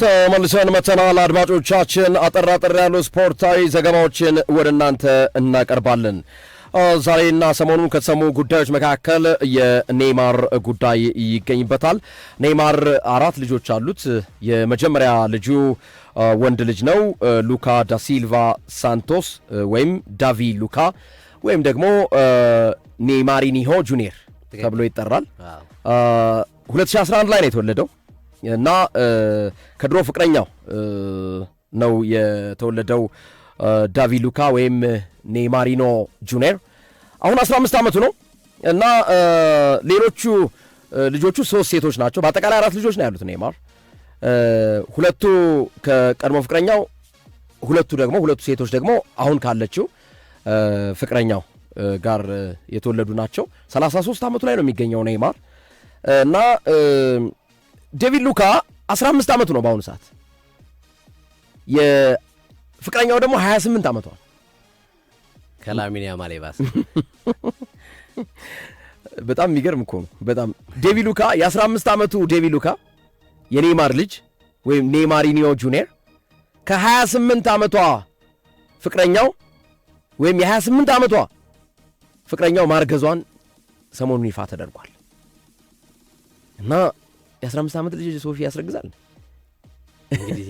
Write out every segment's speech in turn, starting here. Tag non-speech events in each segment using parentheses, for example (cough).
ተመልሰን መተናል። አድማጮቻችን አጠር አጠር ያሉ ስፖርታዊ ዘገባዎችን ወደ እናንተ እናቀርባለን። ዛሬና ሰሞኑን ከተሰሙ ጉዳዮች መካከል የኔይማር ጉዳይ ይገኝበታል። ኔይማር አራት ልጆች አሉት። የመጀመሪያ ልጁ ወንድ ልጅ ነው። ሉካ ዳሲልቫ ሳንቶስ ወይም ዳቪ ሉካ ወይም ደግሞ ኔይማሪኒሆ ጁኒየር ተብሎ ይጠራል። 2011 ላይ ነው የተወለደው እና ከድሮ ፍቅረኛው ነው የተወለደው ዳቪ ሉካ ወይም ኔማሪኖ ጁኒየር አሁን 15 ዓመቱ ነው እና ሌሎቹ ልጆቹ ሶስት ሴቶች ናቸው። በአጠቃላይ አራት ልጆች ነው ያሉት ኔማር። ሁለቱ ከቀድሞ ፍቅረኛው፣ ሁለቱ ደግሞ ሁለቱ ሴቶች ደግሞ አሁን ካለችው ፍቅረኛው ጋር የተወለዱ ናቸው። 33 ዓመቱ ላይ ነው የሚገኘው ኔማር እና ዴቪድ ሉካ 15 ዓመቱ ነው በአሁኑ ሰዓት። የፍቅረኛው ደግሞ 28 ዓመቷ ከላሚን ያማል ባሰ። (laughs) በጣም የሚገርም እኮ ነው። በጣም ዴቪድ ሉካ የ15 ዓመቱ ዴቪድ ሉካ የኔይማር ልጅ ወይም ኔይማሪኒዮ ጁኒየር ከ28 ዓመቷ ፍቅረኛው ወይም የ28 ዓመቷ ፍቅረኛው ማርገዟን ሰሞኑን ይፋ ተደርጓል እና የ15 ዓመት ልጅ ሶፊ ያስረግዛል። እንግዲህ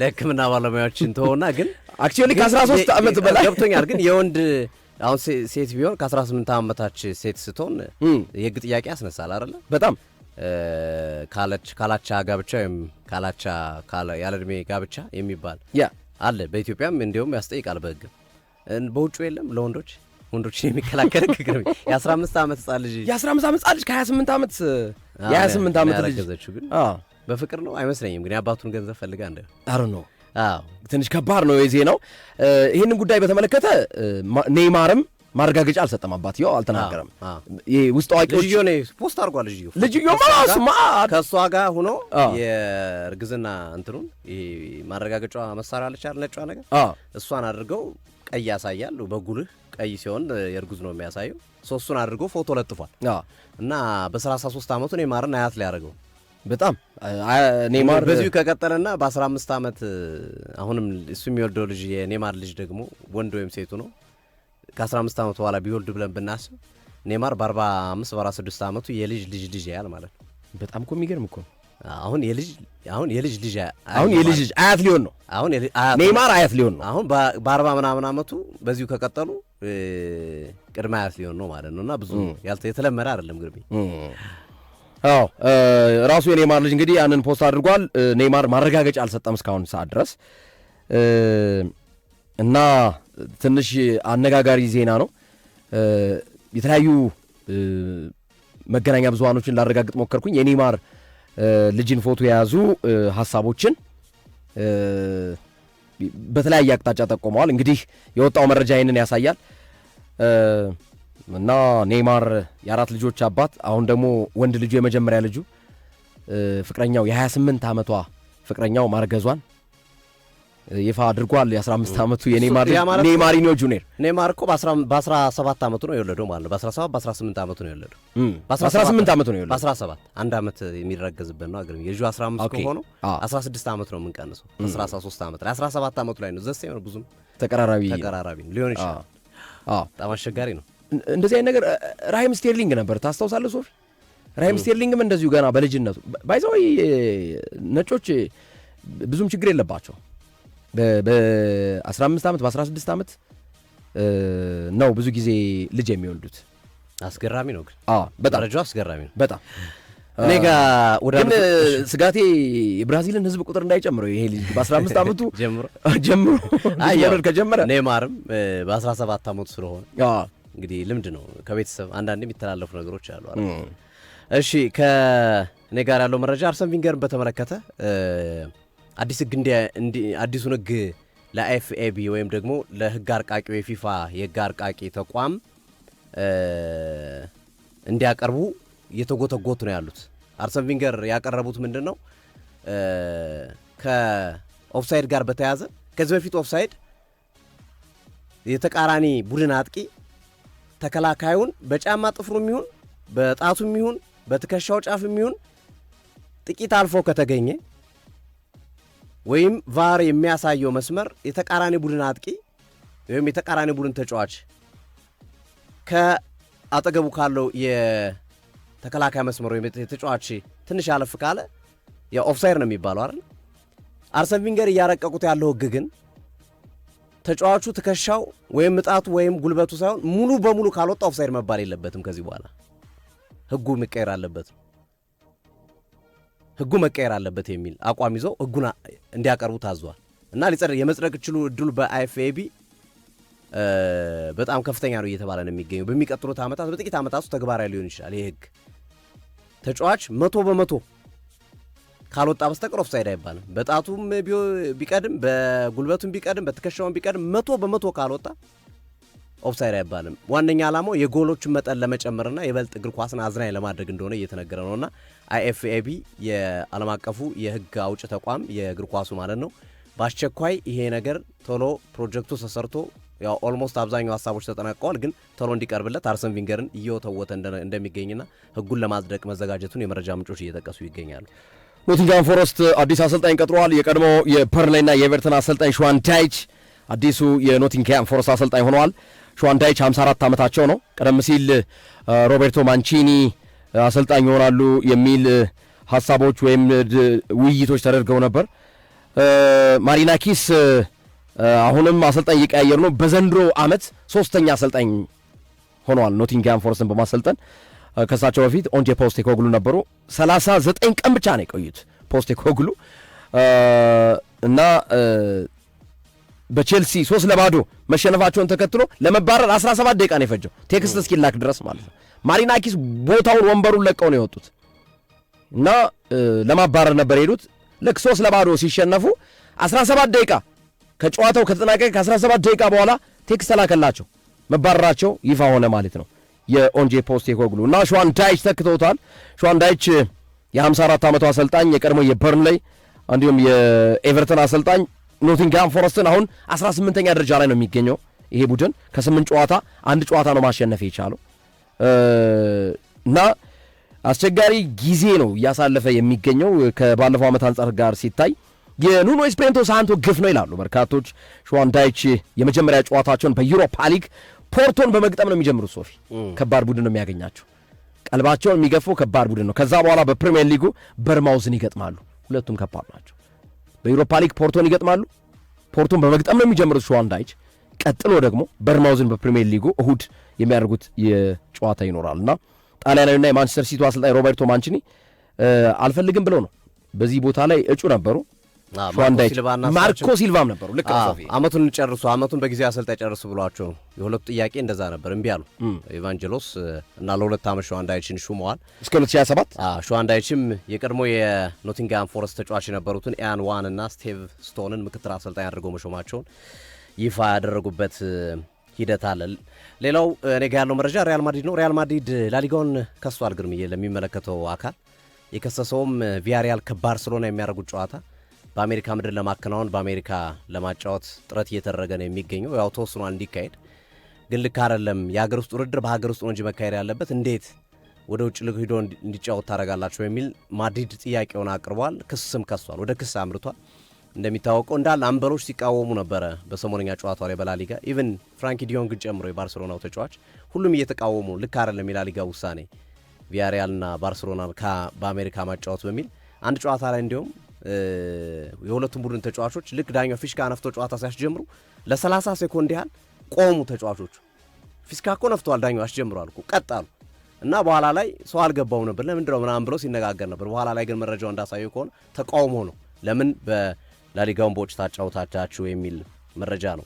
ለሕክምና ባለሙያዎች እንተሆና ግን አክቹዋሊ ከአስራ ሶስት ዓመት በላይ ገብቶኛል። ግን የወንድ አሁን ሴት ቢሆን ከአስራ ስምንት ዓመታች ሴት ስትሆን የሕግ ጥያቄ ያስነሳል አይደለ? በጣም ካላቻ ጋብቻ ወይም ካላቻ ያለ ዕድሜ ጋብቻ የሚባል ያ አለ። በኢትዮጵያም እንዲሁም ያስጠይቃል በህግም በውጩ የለም ለወንዶች ወንዶችን የሚከላከል የአስራ አምስት ዓመት ህጻን ልጅ የአስራ አምስት ዓመት ህጻን ልጅ ከሀያ ስምንት ዓመት የ28 ዓመት ልጅ ያረገዘችው ግን በፍቅር ነው አይመስለኝም። ግን የአባቱን ገንዘብ ፈልጋ እንደ አሩ ነው። አዎ ትንሽ ከባድ ነው የዜናው። ይህንን ጉዳይ በተመለከተ ኔይማርም ማረጋገጫ አልሰጠም። አባትየው አልተናገረም። ይሄ ውስጥ አዋቂዎች ልጅዮ ነው ፖስት አድርጓል። ልጅዮ ልጅዮ ማለት ከእሷ ጋር ሁኖ የእርግዝና እንትኑን ማረጋገጫ መሳሪያ አለች ነጫ ነገር እሷን አድርገው ቀይ ያሳያል። በጉልህ ቀይ ሲሆን የእርጉዝ ነው የሚያሳየው ሶስቱን አድርጎ ፎቶ ለጥፏል እና በ33 ዓመቱ ኔማርን አያት ያደርገው በጣም ኔማር በዚሁ ከቀጠለና በ15 ዓመት አሁንም እሱ የሚወልደው ልጅ የኔማር ልጅ ደግሞ ወንድ ወይም ሴቱ ነው ከ15 ዓመቱ በኋላ ቢወልድ ብለን ብናስብ ኔማር በ45 በ46 ዓመቱ የልጅ ልጅ ልጅ ያል ማለት ነው። በጣም እኮ የሚገርም እኮ አሁን የልጅ አሁን የልጅ ልጅ አሁን የልጅ ልጅ አያት ሊሆን ነው። አሁን ኔማር አያት ሊሆን ነው። አሁን በ40 ምናምን ዓመቱ በዚሁ ከቀጠሉ ቅድማያ ሲሆን ነው ማለት ነው። እና ብዙ የተለመደ አይደለም ግርሜ። አዎ ራሱ የኔማር ልጅ እንግዲህ ያንን ፖስት አድርጓል። ኔማር ማረጋገጫ አልሰጠም እስካሁን ሰዓት ድረስ እና ትንሽ አነጋጋሪ ዜና ነው። የተለያዩ መገናኛ ብዙሃኖችን ላረጋግጥ ሞከርኩኝ። የኔማር ልጅን ፎቶ የያዙ ሀሳቦችን በተለያየ አቅጣጫ ጠቁመዋል። እንግዲህ የወጣው መረጃ ይህንን ያሳያል እና ኔይማር የአራት ልጆች አባት አሁን ደግሞ ወንድ ልጁ የመጀመሪያ ልጁ ፍቅረኛው የ28 ዓመቷ ፍቅረኛው ማርገዟን ይፋ አድርጓል። የ15 ዓመቱ የኔማሪኞ ጁኒየር ኔማር እኮ በ17 ዓመቱ ነው የወለደው ማለት ነው። በ17 በ18 ዓመቱ ነው የወለደው። በ18 ዓመቱ ነው የወለደው። በ17 አንድ ዓመት የሚረገዝበት ነው። አገርም የጁ 15 ከሆነው 16 ዓመት ነው የምንቀንሰው። 13 ዓመት ላይ 17 ዓመቱ ላይ ነው ዘሴ ነው። ብዙም ተቀራራቢ ተቀራራቢ ነው ሊሆን ይችላል። በጣም አስቸጋሪ ነው እንደዚህ አይነት ነገር። ራሂም ስቴርሊንግ ነበር ታስታውሳለህ ሶፊ? ራሂም ስቴርሊንግም እንደዚሁ ገና በልጅነቱ ባይዘው ነጮች ብዙም ችግር የለባቸው በ15 ዓመት በ16 ዓመት ነው ብዙ ጊዜ ልጅ የሚወልዱት። አስገራሚ ነው ግን በጣም ረጃ አስገራሚ ነው በጣም እኔ ጋ ግን ስጋቴ የብራዚልን ህዝብ ቁጥር እንዳይጨምረው ይሄ ልጅ በ15 ዓመቱ ጀምሮ ወረድ ከጀመረ ኔማርም በ17 ዓመቱ ስለሆነ እንግዲህ ልምድ ነው ከቤተሰብ አንዳንድ የሚተላለፉ ነገሮች አሉ። እሺ ከእኔ ጋር ያለው መረጃ አርሰን ቪንገርን በተመለከተ አዲስ ህግ አዲሱን ህግ ለኤፍኤቢ ወይም ደግሞ ለህግ አርቃቂ የፊፋ የህግ አርቃቂ ተቋም እንዲያቀርቡ እየተጎተጎቱ ነው ያሉት። አርሰን ቪንገር ያቀረቡት ምንድን ነው? ከኦፍሳይድ ጋር በተያያዘ ከዚህ በፊት ኦፍሳይድ የተቃራኒ ቡድን አጥቂ ተከላካዩን በጫማ ጥፍሩ የሚሆን በጣቱ የሚሆን በትከሻው ጫፍ የሚሆን ጥቂት አልፎ ከተገኘ ወይም ቫር የሚያሳየው መስመር የተቃራኒ ቡድን አጥቂ ወይም የተቃራኒ ቡድን ተጫዋች ከአጠገቡ ካለው የተከላካይ መስመር ወይም የተጫዋች ትንሽ አለፍ ካለ ኦፍሳይድ ነው የሚባለው አይደል? አርሰን ቪንገር እያረቀቁት ያለው ህግ ግን ተጫዋቹ ትከሻው ወይም ምጣቱ ወይም ጉልበቱ ሳይሆን ሙሉ በሙሉ ካልወጣ ኦፍሳይድ መባል የለበትም። ከዚህ በኋላ ህጉ መቀየር አለበት። ህጉ መቀየር አለበት የሚል አቋም ይዘው ህጉን እንዲያቀርቡ ታዟል እና ሊጸድቅ የመጽደቅ ችሉ እድሉ በአይኤፍኤቢ በጣም ከፍተኛ ነው እየተባለ ነው የሚገኘው። በሚቀጥሉት ዓመታት በጥቂት ዓመታት ውስጥ ተግባራዊ ሊሆን ይችላል። ይህ ህግ ተጫዋች መቶ በመቶ ካልወጣ በስተቀር ኦፍሳይድ አይባልም። በጣቱም ቢቀድም፣ በጉልበቱም ቢቀድም፣ በትከሻውም ቢቀድም መቶ በመቶ ካልወጣ ኦፍሳይድ አይባልም። ዋነኛ ዓላማው የጎሎችን መጠን ለመጨመርና የበልጥ እግር ኳስን አዝናኝ ለማድረግ እንደሆነ እየተነገረ ነውና አይኤፍኤቢ የዓለም አቀፉ የህግ አውጭ ተቋም የእግር ኳሱ ማለት ነው በአስቸኳይ ይሄ ነገር ቶሎ ፕሮጀክቱ ተሰርቶ ያው ኦልሞስት አብዛኛው ሀሳቦች ተጠናቀዋል፣ ግን ቶሎ እንዲቀርብለት አርሰን ቪንገርን እየወተወተ እንደሚገኝና ህጉን ለማጽደቅ መዘጋጀቱን የመረጃ ምንጮች እየጠቀሱ ይገኛሉ። ኖቲንጋም ፎረስት አዲስ አሰልጣኝ ቀጥሯል። የቀድሞ የፐርሌና የኤቨርተን አሰልጣኝ ሸዋን አዲሱ የኖቲንግሃም ፎረስት አሰልጣኝ ሆነዋል። ሸዋንዳይች 54 ዓመታቸው ነው። ቀደም ሲል ሮቤርቶ ማንቺኒ አሰልጣኝ ይሆናሉ የሚል ሀሳቦች ወይም ውይይቶች ተደርገው ነበር። ማሪናኪስ አሁንም አሰልጣኝ እየቀያየሩ ነው። በዘንድሮ ዓመት ሶስተኛ አሰልጣኝ ሆነዋል ኖቲንግሃም ፎረስትን በማሰልጠን ከእሳቸው በፊት ኦንጄ ኮግሉ ነበሩ። 39 ቀን ብቻ ነው የቆዩት ኮግሉ እና በቼልሲ ሶስት ለባዶ መሸነፋቸውን ተከትሎ ለመባረር 17 ደቂቃ ነው የፈጀው ቴክስት እስኪላክ ድረስ ማለት ነው። ማሪናኪስ ቦታውን ወንበሩን ለቀው ነው የወጡት እና ለማባረር ነበር የሄዱት። ልክ ሶስት ለባዶ ሲሸነፉ 17 ደቂቃ ከጨዋታው ከተጠናቀቀ ከ17 ደቂቃ በኋላ ቴክስት ተላከላቸው። መባረራቸው ይፋ ሆነ ማለት ነው። የኦንጄ ፖስት የኮግሉ እና ሸዋንዳይች ተክተውታል። ሸዋንዳይች የ54 ዓመቱ አሰልጣኝ የቀድሞ የበርንሌይ እንዲሁም የኤቨርተን አሰልጣኝ ኖቲንግሃም ፎረስትን አሁን 18ኛ ደረጃ ላይ ነው የሚገኘው ይሄ ቡድን ከስምንት ጨዋታ አንድ ጨዋታ ነው ማሸነፍ የቻለው እና አስቸጋሪ ጊዜ ነው እያሳለፈ የሚገኘው ከባለፈው ዓመት አንጻር ጋር ሲታይ የኑኖ ኤስፒሪንቶ ሳንቶ ግፍ ነው ይላሉ በርካቶች። ሸዋንዳይች የመጀመሪያ ጨዋታቸውን በዩሮፓ ሊግ ፖርቶን በመግጠም ነው የሚጀምሩት። ሶፊ ከባድ ቡድን ነው የሚያገኛቸው፣ ቀልባቸውን የሚገፋው ከባድ ቡድን ነው። ከዛ በኋላ በፕሪሚየር ሊጉ በርማውዝን ይገጥማሉ። ሁለቱም ከባድ ናቸው። በዩሮፓ ሊግ ፖርቶን ይገጥማሉ። ፖርቶን በመግጠም ነው የሚጀምሩት ሹዋንዳይች። ቀጥሎ ደግሞ በርማውዝን በፕሪሚየር ሊጉ እሁድ የሚያደርጉት የጨዋታ ይኖራል እና ጣሊያናዊና የማንቸስተር ሲቲ አሰልጣኝ ሮበርቶ ማንችኒ አልፈልግም ብለው ነው በዚህ ቦታ ላይ እጩ ነበሩ። ማርኮ ሲልቫም ነበሩ። ልክ አመቱን እንጨርሱ አመቱን በጊዜ አሰልጣኝ ጨርሱ ብሏቸው የሁለቱ ጥያቄ እንደዛ ነበር፣ እምቢ አሉ ኢቫንጀሎስ እና ለሁለት ዓመት ሸዋንዳይችን ሹመዋል እስከ 2027 ሸዋንዳይችም የቀድሞ የኖቲንግሃም ፎረስት ተጫዋች የነበሩትን ኤያን ዋን እና ስቴቭ ስቶንን ምክትል አሰልጣኝ አድርገው መሾማቸውን ይፋ ያደረጉበት ሂደት አለ። ሌላው እኔ ጋ ያለው መረጃ ሪያል ማድሪድ ነው። ሪያል ማድሪድ ላሊጋውን ከሷል። ግርምዬ ለሚመለከተው አካል የከሰሰውም ቪያሪያል ከባርሰሎና የሚያደርጉት ጨዋታ በአሜሪካ ምድር ለማከናወን በአሜሪካ ለማጫወት ጥረት እየተደረገ ነው የሚገኘው። ያው ተወስኗል እንዲካሄድ ግን ልክ አይደለም። የሀገር ውስጥ ውድድር በሀገር ውስጥ ነው እንጂ መካሄድ ያለበት እንዴት ወደ ውጭ ልክ ሂዶ እንዲጫወት ታደርጋላቸው የሚል ማድሪድ ጥያቄውን አቅርቧል። ክስም ከሷል፣ ወደ ክስ አምርቷል። እንደሚታወቀው እንዳለ አንበሎች ሲቃወሙ ነበረ በሰሞነኛ ጨዋታ ላይ በላሊጋ ኢቨን ፍራንኪ ዲዮንግን ጨምሮ የባርሴሎናው ተጫዋች ሁሉም እየተቃወሙ ልክ አይደለም የላሊጋ ውሳኔ ቪያሪያልና ባርሴሎና በአሜሪካ ማጫወት በሚል አንድ ጨዋታ ላይ እንዲሁም የሁለቱም ቡድን ተጫዋቾች ልክ ዳኛው ፊሽካ ነፍቶ ጨዋታ ሲያስጀምሩ ለ30 ሴኮንድ ያህል ቆሙ ተጫዋቾቹ። ፊሽካ እኮ ነፍተዋል፣ ዳኛው አስጀምረዋል እኮ ቀጥ አሉ እና በኋላ ላይ ሰው አልገባው ነበር ለምንድን ነው ምናምን ብለው ሲነጋገር ነበር። በኋላ ላይ ግን መረጃው እንዳሳየው ከሆነ ተቃውሞ ነው። ለምን በላሊጋውን በውጭ ታጫውታቻችሁ የሚል መረጃ ነው።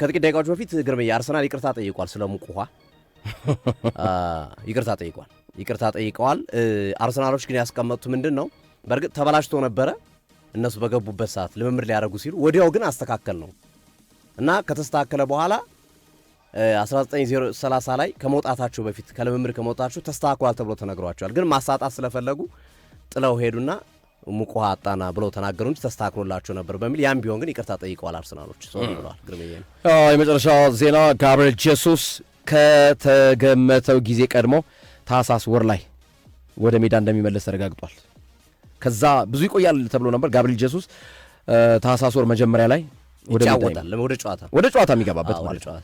ከጥቂት ደቂቃዎች በፊት ግርምዬ አርሰናል ይቅርታ ጠይቋል፣ ስለ ሙቁኋ (laughs) ይቅርታ ጠይቋል። ይቅርታ ጠይቀዋል። አርሰናሎች ግን ያስቀመጡት ምንድን ነው በእርግጥ ተበላሽቶ ነበረ እነሱ በገቡበት ሰዓት ልምምድ ሊያደርጉ ሲሉ፣ ወዲያው ግን አስተካከል ነው እና ከተስተካከለ በኋላ 1930 ላይ ከመውጣታቸው በፊት ከልምምድ ከመውጣታቸው ተስተካክሏል ተብሎ ተነግሯቸዋል። ግን ማሳጣት ስለፈለጉ ጥለው ሄዱና ሙቅ ውሃ አጣና ብለው ተናገሩ እንጂ ተስተካክሎላቸው ነበር በሚል ያም ቢሆን ግን ይቅርታ ጠይቀዋል አርሰናሎች ብለዋል። የመጨረሻ ዜና ጋብርኤል ጄሱስ ከተገመተው ጊዜ ቀድሞ ታህሳስ ወር ላይ ወደ ሜዳ እንደሚመለስ ተረጋግጧል። ከዛ ብዙ ይቆያል ተብሎ ነበር። ጋብሪል ጀሱስ ታህሳስ ወር መጀመሪያ ላይ ወደ ጨዋታ ወደ ጨዋታ የሚገባበት ማለት ነው።